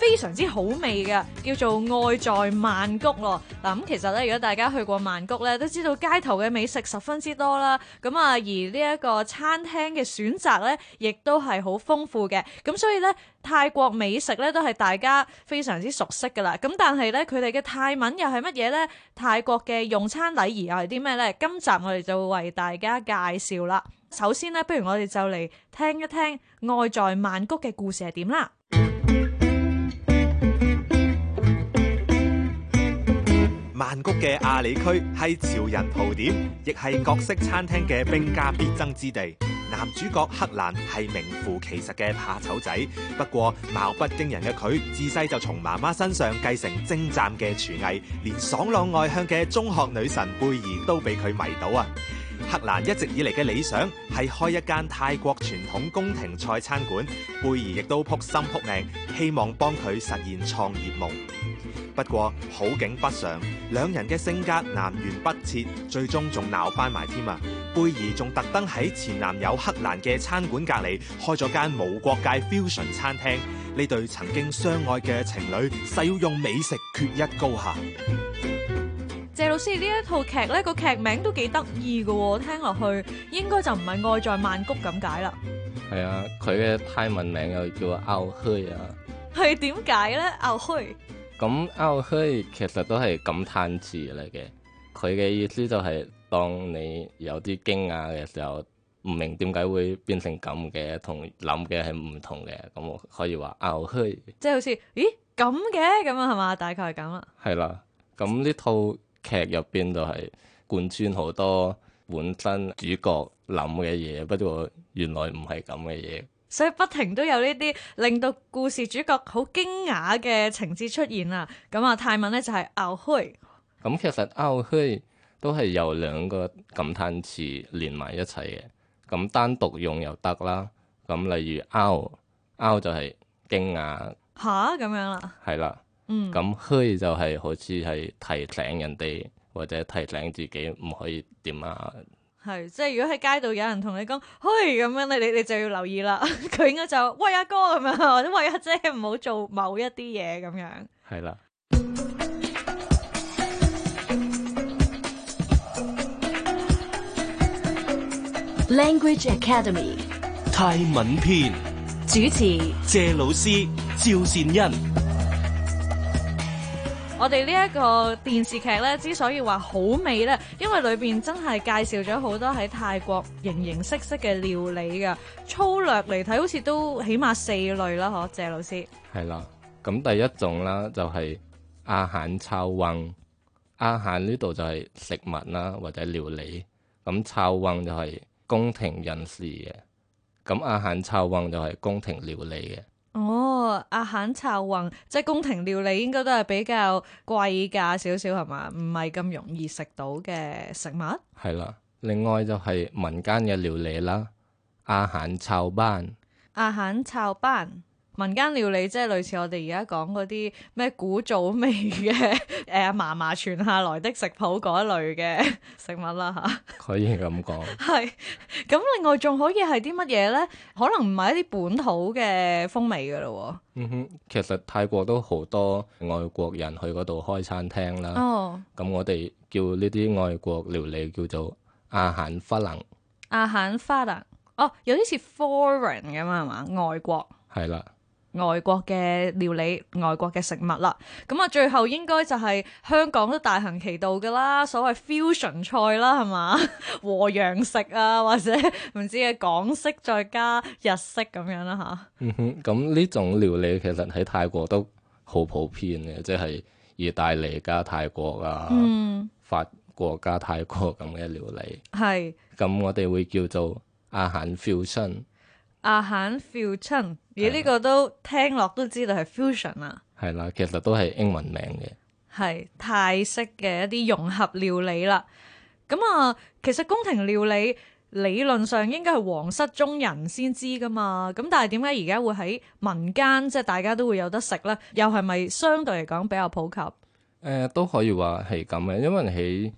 非常之好味嘅，叫做愛在曼谷咯。嗱，咁其實呢，如果大家去過曼谷呢，都知道街頭嘅美食十分之多啦。咁啊，而呢一個餐廳嘅選擇呢，亦都係好豐富嘅。咁所以呢，泰國美食呢，都係大家非常之熟悉噶啦。咁但係呢，佢哋嘅泰文又係乜嘢呢？泰國嘅用餐禮儀又係啲咩呢？今集我哋就會為大家介紹啦。首先呢，不如我哋就嚟聽一聽愛在曼谷嘅故事係點啦。曼谷嘅阿里區係潮人蒲點，亦係各式餐廳嘅兵家必爭之地。男主角克蘭係名副其實嘅怕醜仔，不過貌不驚人嘅佢，自細就從媽媽身上繼承精湛嘅廚藝，連爽朗外向嘅中學女神貝兒都俾佢迷倒。啊！克蘭一直以嚟嘅理想係開一間泰國傳統宮廷菜餐館，貝兒亦都撲心撲命，希望幫佢實現創業夢。不過好景不常，兩人嘅性格南轅北轍，最終仲鬧翻埋添啊！貝兒仲特登喺前男友克蘭嘅餐館隔籬開咗間無國界 fusion 餐廳，呢對曾經相愛嘅情侶誓要用美食決一高下。謝老師，呢一套劇呢個劇名都幾得意噶，聽落去應該就唔係愛在曼谷咁解啦。係啊，佢嘅泰文名又叫傲虛啊。係點解呢？「傲虛。咁拗虛其實都係感嘆詞嚟嘅。佢嘅意思就係當你有啲驚訝嘅時候，唔明點解會變成咁嘅，同諗嘅係唔同嘅。咁我可以話拗虛即係好似咦咁嘅咁啊，係嘛？大概係咁啦。係啦，咁呢套劇入邊就係貫穿好多本身主角諗嘅嘢，不過原來唔係咁嘅嘢。所以不停都有呢啲令到故事主角好驚訝嘅情節出現，就是、啦！咁啊，泰文咧就係拗虛。咁其實拗虛都係由兩個感嘆詞連埋一齊嘅。咁單獨用又得啦。咁例如拗、啊」，「拗」就係驚訝。嚇咁樣啊？係啦了，嗯。咁虛就係好似係提醒人哋或者提醒自己唔可以點啊。係，即係如果喺街度有人同你講，嘿咁樣，你你你就要留意啦。佢應該就喂阿哥咁樣，或者喂阿姐唔好做某一啲嘢咁樣。係啦。Language Academy，泰文篇，主持謝老師趙善恩。我哋呢一個電視劇咧，之所以話好味咧，因為裏邊真係介紹咗好多喺泰國形形色色嘅料理㗎，粗略嚟睇好似都起碼四類啦，嗬？謝老師，係啦，咁、嗯、第一種啦就係阿罕抄韻，阿罕呢度就係食物啦或者料理，咁抄韻就係宮廷人士嘅，咁、嗯、阿罕抄韻就係宮廷料理嘅。哦，阿肯炒雲，即係宮廷料理，應該都係比較貴價少少，係嘛？唔係咁容易食到嘅食物。係啦，另外就係民間嘅料理啦，阿肯炒斑，阿肯炒斑。民間料理即係類似我哋而家講嗰啲咩古早味嘅，誒嫲嫲傳下來的食譜嗰一類嘅食物啦，嚇、啊、可以咁講係咁。另外仲可以係啲乜嘢咧？可能唔係一啲本土嘅風味噶咯。嗯哼，其實泰國都好多外國人去嗰度開餐廳啦。哦，咁我哋叫呢啲外國料理叫做阿罕花冷，阿罕花冷哦，有啲似 foreign 咁啊嘛，外國係啦。外國嘅料理、外國嘅食物啦，咁啊，最後應該就係香港都大行其道噶啦，所謂 fusion 菜啦，係嘛 和洋食啊，或者唔知嘅港式再加日式咁樣啦吓。嗯哼，咁呢種料理其實喺泰國都好普遍嘅，即係意大利加泰國啊，嗯、法國加泰國咁嘅料理。係是。咁我哋會叫做阿肯 fusion。阿肯 fusion。而呢個都聽落都知道係 fusion 啦，係啦，其實都係英文名嘅，係泰式嘅一啲融合料理啦。咁、嗯、啊，其實宮廷料理理論上應該係皇室中人先知㗎嘛。咁但係點解而家會喺民間，即係大家都會有得食呢？又係咪相對嚟講比較普及？誒、呃，都可以話係咁嘅，因為喺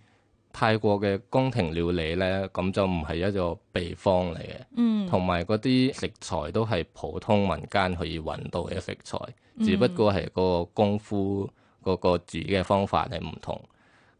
泰國嘅宮廷料理呢，咁就唔係一個秘方嚟嘅，同埋嗰啲食材都係普通民間可以揾到嘅食材，嗯、只不過係個功夫嗰、嗰個煮嘅方法係唔同。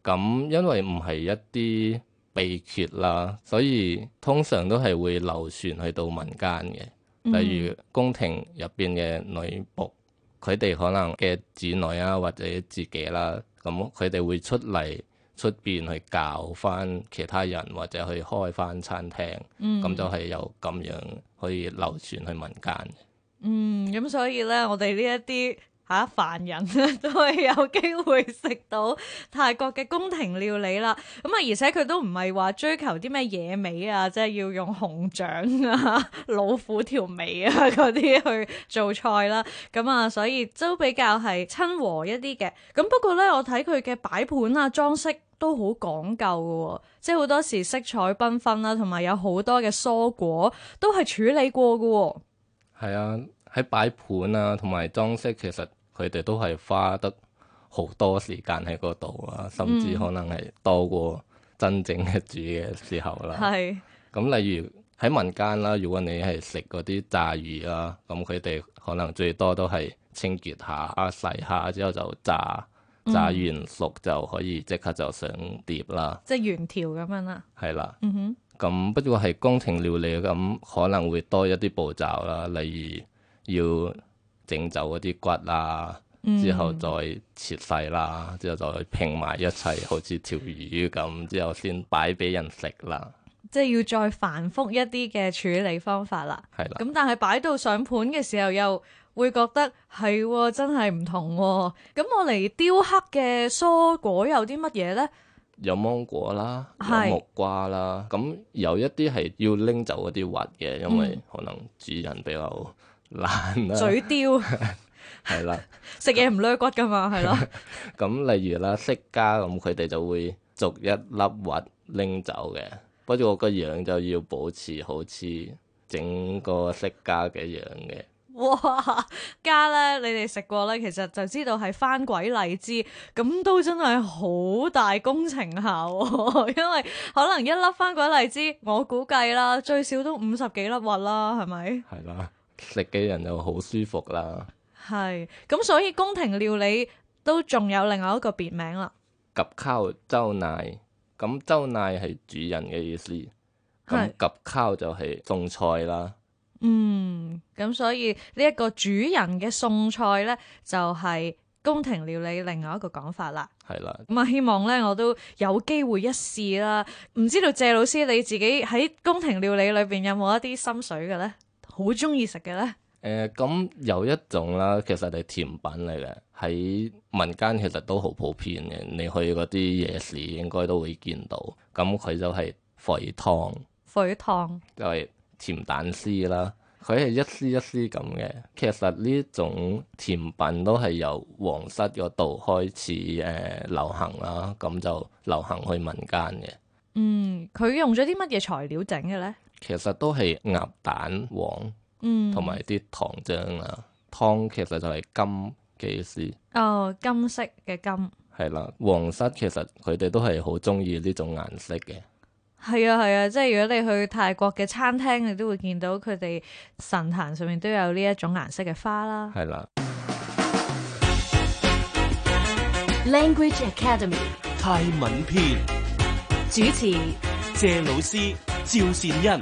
咁因為唔係一啲秘訣啦，所以通常都係會流傳去到民間嘅。例如宮廷入邊嘅女僕，佢哋、嗯、可能嘅子女啊，或者自己啦，咁佢哋會出嚟。出邊去教返其他人，或者去開返餐廳，咁、嗯、就係由咁樣可以流傳去民間。嗯，咁所以呢，我哋呢一啲嚇凡人咧，都係有機會食到泰國嘅宮廷料理啦。咁啊，而且佢都唔係話追求啲咩野味啊，即係要用熊掌啊、老虎條尾啊嗰啲去做菜啦。咁啊，所以都比較係親和一啲嘅。咁不過呢，我睇佢嘅擺盤啊、裝飾、啊。都好講究嘅喎、哦，即係好多時色彩繽紛啦、啊，同埋有好多嘅蔬果都係處理過嘅喎、哦。係啊，喺擺盤啊，同埋裝飾，其實佢哋都係花得好多時間喺嗰度啊，甚至可能係多過真正嘅煮嘅時候啦。係、嗯。咁、嗯、例如喺民間啦，如果你係食嗰啲炸魚啦、啊，咁佢哋可能最多都係清潔下啊、洗下之後就炸。炸完熟就可以即刻就上碟、啊、啦，即係原條咁樣啦。係啦，咁不過係宮廷料理咁可能會多一啲步驟啦，例如要整走嗰啲骨啦，之後再切細啦，嗯、之後再拼埋一齊，好似條魚咁，之後先擺俾人食啦。即係要再繁複一啲嘅處理方法啦。係啦，咁但係擺到上盤嘅時候又。會覺得係、哦、真係唔同咁、哦。我嚟雕刻嘅蔬果有啲乜嘢呢？有芒果啦，有木瓜啦。咁是有一啲係要拎走一啲核嘅，因為可能主人比較懶啦、啊，嘴刁係啦，食嘢唔捋骨噶嘛，係咯。咁 例如啦，釋迦咁，佢哋就會逐一粒核拎走嘅，不過我個樣就要保持好似整個釋迦嘅樣嘅。哇！家咧，你哋食過咧，其實就知道係番鬼荔枝咁，都真係好大工程下啊，因為可能一粒番鬼荔枝，我估計啦，最少都五十幾粒核啦，係咪？係啦，食嘅人就好舒服啦。係咁，所以宮廷料理都仲有另外一個別名啦。及烤周奈，咁周奈係主人嘅意思，咁及烤就係餸菜啦。嗯，咁所以呢一個主人嘅餸菜呢，就係宮廷料理另外一個講法啦。係啦的，咁啊希望呢，我都有機會一試啦。唔知道謝老師你自己喺宮廷料理裏邊有冇一啲心水嘅呢？好中意食嘅呢？誒、呃，咁有一種啦，其實係甜品嚟嘅，喺民間其實都好普遍嘅。你去嗰啲夜市應該都會見到，咁佢就係肥湯。肥湯湯就係、是。甜蛋絲啦，佢係一絲一絲咁嘅。其實呢種甜品都係由皇室嗰度開始誒、呃、流行啦，咁就流行去民間嘅。嗯，佢用咗啲乜嘢材料整嘅咧？其實都係鴨蛋黃，嗯，同埋啲糖漿啊。湯其實就係金嘅意思。哦，金色嘅金。係啦，皇室其實佢哋都係好中意呢種顏色嘅。係啊，係啊，即係如果你去泰國嘅餐廳，你都會見到佢哋神壇上面都有呢一種顏色嘅花啦。係啦的，Language Academy 泰文篇主持：謝老師趙善恩。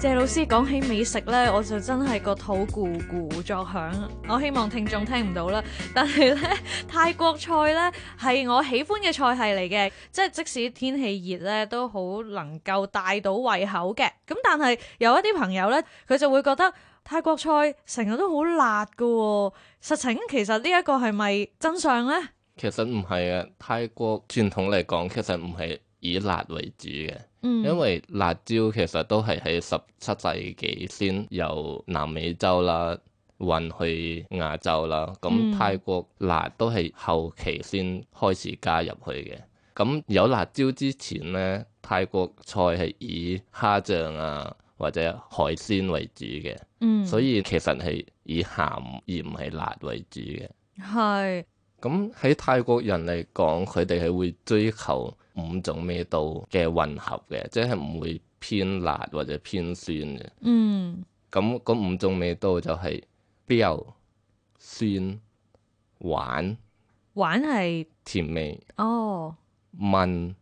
謝老師講起美食呢，我就真係個肚咕咕作響。我希望聽眾聽唔到啦。但係呢，泰國菜呢係我喜歡嘅菜式嚟嘅，即係即使天氣熱呢都好能夠帶到胃口嘅。咁但係有一啲朋友呢，佢就會覺得泰國菜成日都好辣㗎喎。實情其實呢一個係咪真相呢？其實唔係啊，泰國傳統嚟講，其實唔係以辣為主嘅。因為辣椒其實都係喺十七世紀先由南美洲啦運去亞洲啦，咁泰國辣都係後期先開始加入去嘅。咁有辣椒之前呢，泰國菜係以蝦醬啊或者海鮮為主嘅，嗯，所以其實係以鹹而唔係辣為主嘅。係。咁喺泰國人嚟講，佢哋係會追求五種味道嘅混合嘅，即係唔會偏辣或者偏酸嘅。嗯，咁嗰五種味道就係，比如酸、玩、玩係甜味。哦，聞，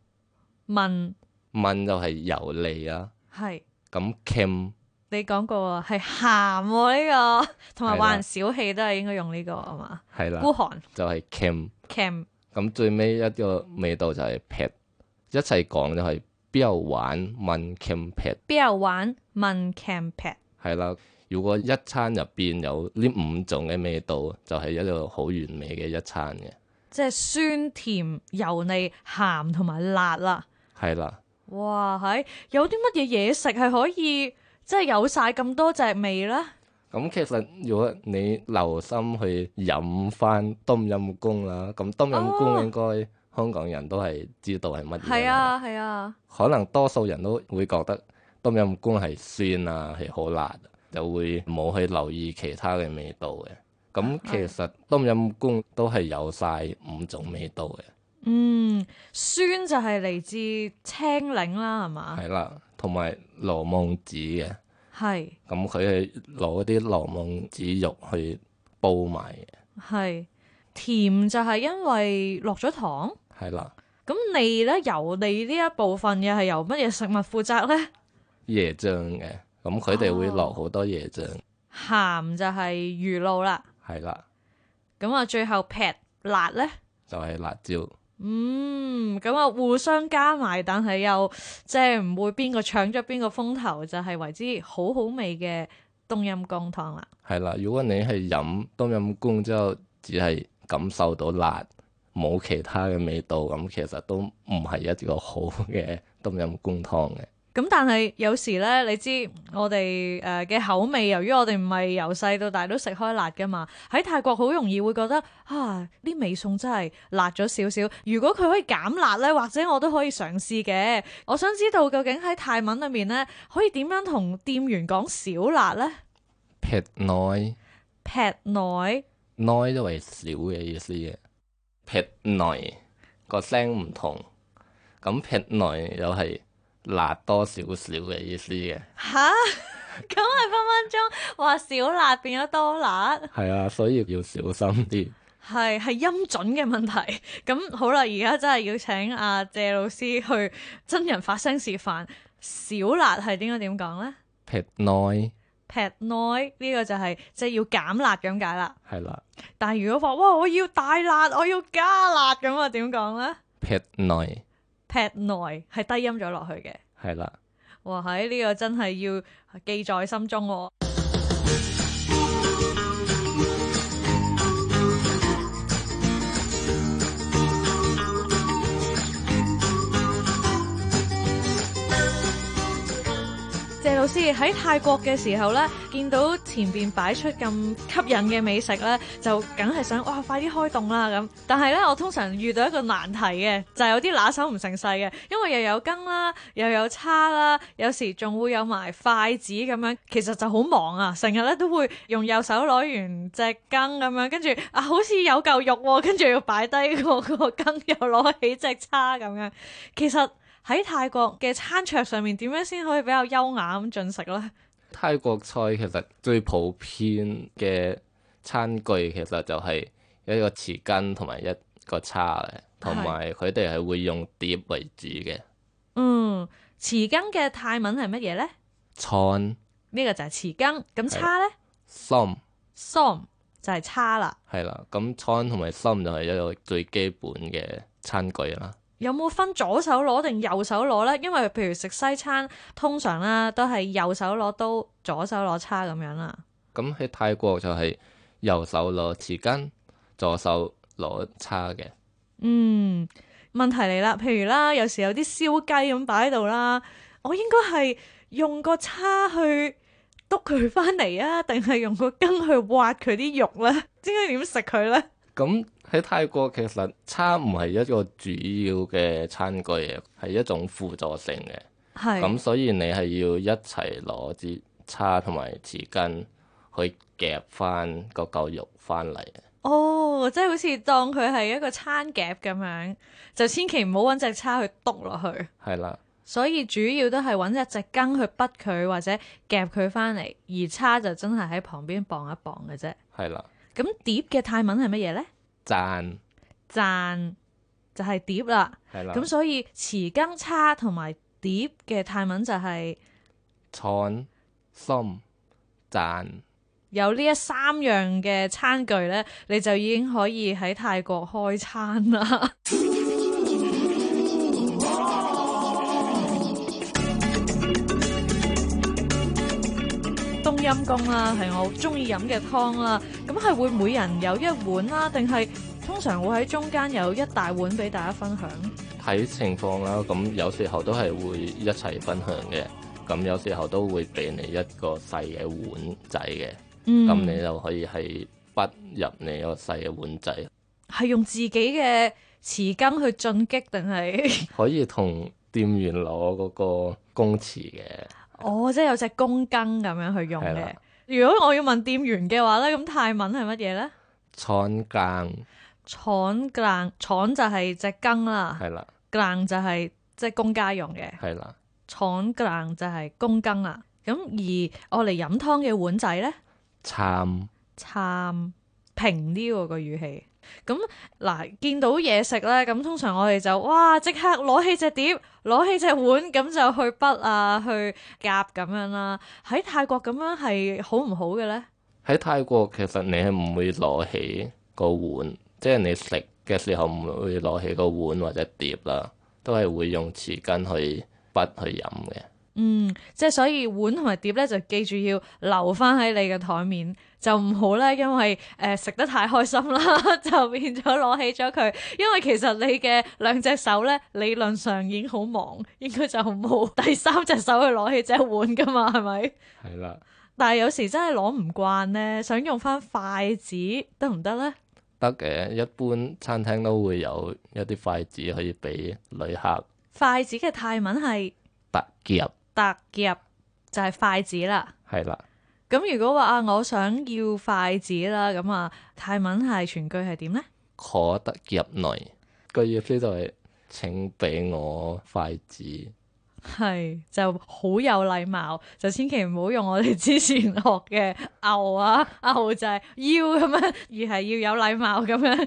聞，聞就係油膩啊。係。咁 cam，你講過係鹹呢個，同埋話人小氣都係應該用呢個啊嘛。係啦，孤寒就係 cam。cam。咁最尾一個味道就係 pat。一齊講就係邊度玩 Mon Campet？邊度玩 Mon Campet？係啦，如果一餐入邊有呢五種嘅味道，就係、是、一道好完美嘅一餐嘅。即係酸甜、油膩、鹹同埋辣啦。係啦的。哇！係有啲乜嘢嘢食係可以即係有晒咁多隻味咧？咁其實如果你留心去飲翻冬陰功啦，咁冬陰功應該、啊。香港人都係知道係乜嘢，係啊係啊。啊可能多數人都會覺得冬陰功係酸啊，係好辣，就會冇去留意其他嘅味道嘅。咁其實冬陰功都係有晒五種味道嘅。嗯，酸就係嚟自青檸啦，係咪？係啦，同埋羅望子嘅。係是。咁佢係攞啲羅望子肉去煲埋嘅。係甜就係因為落咗糖。係啦，咁你咧，油味呢一部分嘅係由乜嘢食物負責咧？椰漿嘅，咁佢哋會落好多椰漿。咸、哦、就係魚露啦。係啦了，咁啊，最後劈辣咧，就係辣椒。嗯，咁啊，互相加埋，但係又即係唔會邊個搶咗邊個風頭，就係、是、為之好好味嘅冬陰功湯啦。係啦，如果你係飲冬陰功之後，只係感受到辣，冇其他嘅味道，咁其實都唔係一個好嘅冬陰功湯嘅。咁、嗯、但係有時呢，你知我哋誒嘅口味，由於我哋唔係由細到大都食開辣噶嘛，喺泰國好容易會覺得啊，啲味餸真係辣咗少少。如果佢可以減辣呢，或者我都可以嘗試嘅。我想知道究竟喺泰文裏面呢，可以點樣同店員講少辣咧？撇 noi，撇 noi，noi 就係少嘅意思嘅。劈內個聲唔同，咁劈內又係辣多少少嘅意思嘅吓，咁係、啊、 分分鐘話少辣變咗多辣，係 啊，所以要小心啲係係音準嘅問題。咁好啦，而家真係要請阿、啊、謝老師去真人發聲示範少辣係應該點講咧？劈內。劈內呢個就係即係要減辣咁解啦，係啦的。但係如果話哇，我要大辣，我要加辣咁啊，點講呢？劈內，劈內係低音咗落去嘅，係啦的。哇，喺、這、呢個真係要記在心中，哦。喺泰國嘅時候呢，見到前邊擺出咁吸引嘅美食呢，就梗係想哇快啲開動啦咁。但係呢，我通常遇到一個難題嘅，就係有啲拿手唔成勢嘅，因為又有羹啦，又有叉啦，有時仲會有埋筷子咁樣，其實就好忙啊！成日呢都會用右手攞完隻羹咁樣，跟住啊好似有嚿肉啊，跟住要擺低嗰個羹，又攞起隻叉咁樣，其實。喺泰國嘅餐桌上面，點樣先可以比較優雅咁進食咧？泰國菜其實最普遍嘅餐具其實就係一個匙羹同埋一個叉，同埋佢哋係會用碟為主嘅。嗯，匙羹嘅泰文係乜嘢咧？湯湯。呢個就係匙羹，咁叉咧？Som。Som 就係叉啦。係啦，咁湯同埋 som 就係一個最基本嘅餐具啦。有冇分左手攞定右手攞呢？因為譬如食西餐，通常啦都係右手攞刀，左手攞叉咁樣啦。咁喺泰國就係右手攞匙羹，左手攞叉嘅。嗯，問題嚟啦，譬如啦，有時有啲燒雞咁擺喺度啦，我應該係用個叉去篤佢翻嚟啊，定係用個羹去挖佢啲肉呢？應該點食佢呢？咁、嗯。喺泰國其實叉唔係一個主要嘅餐具，係一種輔助性嘅。係咁是，所以你係要一齊攞支叉同埋匙羹去夾翻個嚿肉翻嚟。哦，即係好似當佢係一個叉夾咁樣，就千祈唔好揾隻叉去篤落去。係啦的。所以主要都係揾一隻羹去畢佢或者夾佢翻嚟，而叉就真係喺旁邊綁一綁嘅啫。係啦的。咁碟嘅泰文係乜嘢呢？盞盞就係、是、碟啦，咁是的 所以匙羹叉同埋碟嘅泰文就係、是、湯、心」、「盞，有呢一三樣嘅餐具咧，你就已經可以喺泰國開餐啦。 金工啦，係我中意飲嘅湯啦。咁係會每人有一碗啦，定係通常會喺中間有一大碗俾大家分享？睇情況啦，咁有時候都係會一齊分享嘅，咁有時候都會俾你一個細嘅碗仔嘅，咁、嗯、你就可以係不入你個細嘅碗仔。係用自己嘅匙羹去進擊定係？ 可以同店員攞嗰個公匙嘅。哦，oh，即係有隻公羹咁樣去用嘅。了如果我要問店員嘅話咧，咁泰文係乜嘢咧？廠羹，廠羹，廠就係隻羹啦。係啦了，羹就係即係公家用嘅。係啦了，廠羹就係公羹啦。咁而我嚟飲湯嘅碗仔咧，參，參平啲喎個語氣。咁嗱、嗯，見到嘢食咧，咁通常我哋就哇，即刻攞起隻碟，攞起隻碗，咁就去筆啊，去夾咁樣啦。喺泰國咁樣係好唔好嘅咧？喺泰國其實你係唔會攞起個碗，即係你食嘅時候唔會攞起個碗或者碟啦，都係會用匙羹去，去筆去飲嘅。嗯，即係所以碗同埋碟咧，就記住要留返喺你嘅枱面，就唔好咧，因為誒食、呃、得太開心啦， 就變咗攞起咗佢。因為其實你嘅兩隻手咧，理論上已經好忙，應該就冇第三隻手去攞起隻碗㗎嘛，係咪？係啦的。但係有時真係攞唔慣咧，想用返筷子得唔得咧？得嘅，一般餐廳都會有一啲筷子可以俾旅客。筷子嘅泰文係。得夾就係筷子啦，係啦的。咁如果話啊，我想要筷子啦，咁啊泰文係全句係點呢？「可得夾內，句意思就係、是、請俾我筷子，係就好有禮貌，就千祈唔好用我哋之前學嘅牛啊牛就係要咁樣，而係要有禮貌咁樣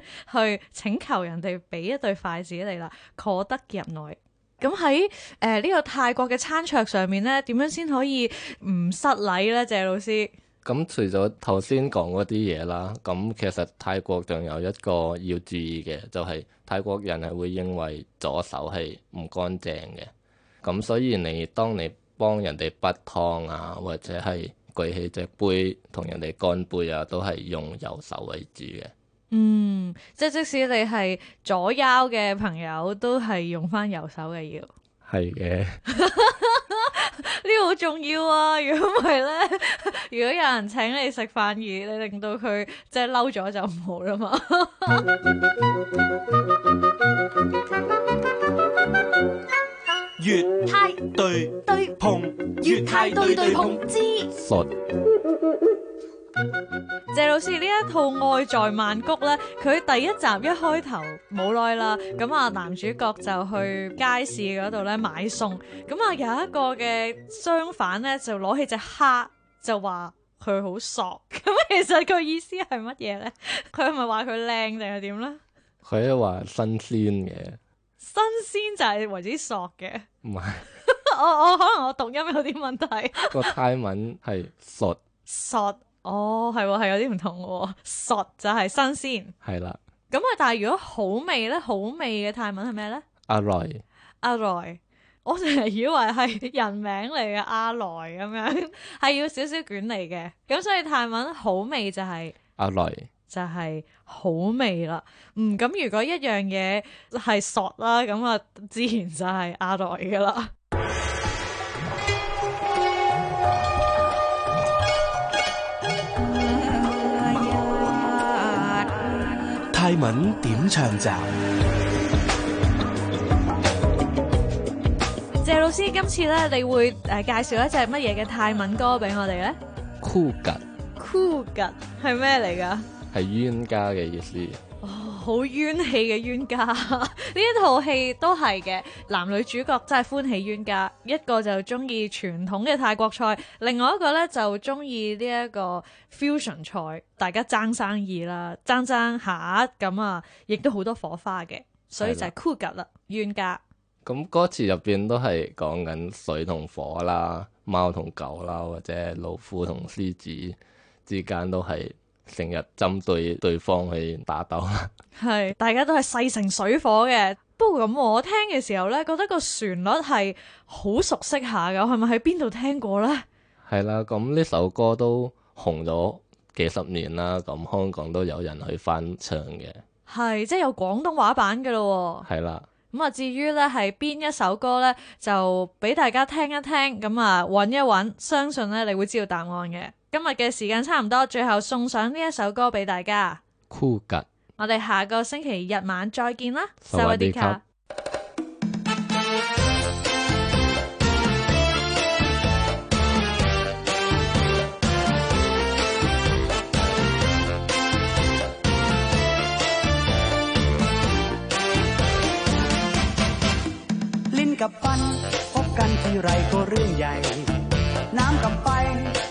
去請求人哋俾一對筷子你啦。可得夾內。咁喺誒呢個泰國嘅餐桌上面咧，點樣先可以唔失禮咧？謝老師。咁除咗頭先講嗰啲嘢啦，咁其實泰國仲有一個要注意嘅，就係、是、泰國人係會認為左手係唔乾淨嘅。咁所以你當你幫人哋潑湯啊，或者係舉起隻杯同人哋乾杯啊，都係用右手為主嘅。嗯，即係即使你係左腰嘅朋友，都係用翻右手嘅腰。係嘅的，呢 個好重要啊！如果唔係咧，如果有人請你食飯而你令到佢即係嬲咗，就唔好啦嘛。越 太對對碰，越太對對碰知順。謝老師，呢一套《愛在曼谷》呢，佢第一集一開頭冇耐啦，咁啊男主角就去街市嗰度呢買餸，咁啊有一個嘅商販呢，就攞起隻蝦就話佢好索，咁 其實佢意思係乜嘢呢？佢係咪話佢靚定係點呢？佢係話新鮮嘅，新鮮就係為之索嘅，唔係是 我我可能我讀音有啲問題，個 泰文係索索。索哦，係係、哦、有啲唔同嘅、哦，索就係新鮮，係啦。咁啊，但係如果好味咧，好味嘅泰文係咩咧？阿來，阿來，我成日以為係人名嚟嘅，阿來咁樣係要少少捲嚟嘅。咁所以泰文好味就係阿來，阿來，就係好味啦。嗯、呃，咁如果一樣嘢係索啦，咁啊，自然就係阿來噶啦。泰文點唱集？謝老師，今次咧你會誒介紹一隻乜嘢嘅泰文歌俾我哋咧？Kuget？Kuget 係咩嚟噶？係冤家嘅意思。好冤氣嘅冤家，呢一套戲都係嘅，男女主角真係歡喜冤家，一個就中意傳統嘅泰國菜，另外一個呢就中意呢一個 fusion 菜，大家爭生意啦，爭爭下咁啊，啊，亦都好多火花嘅，所以就係 cool 噶啦，的冤家。咁歌詞入邊都係講緊水同火啦，貓同狗啦，或者老虎同獅子之間都係。成日針對對方去打鬥 ，係大家都係勢成水火嘅。不過咁，我聽嘅時候呢，覺得個旋律係好熟悉下嘅，係咪喺邊度聽過呢？係啦，咁呢首歌都紅咗幾十年啦，咁香港都有人去翻唱嘅。係即係有廣東話版嘅咯。係啦的。咁啊，至於呢係邊一首歌呢？就俾大家聽一聽，咁啊揾一揾，相信呢你會知道答案嘅。今日嘅時間差唔多，最後送上呢一首歌俾大家。酷格，我哋下個星期日晚再見啦。莎維迪卡。林格潘，碰見你係個大事。南格拜。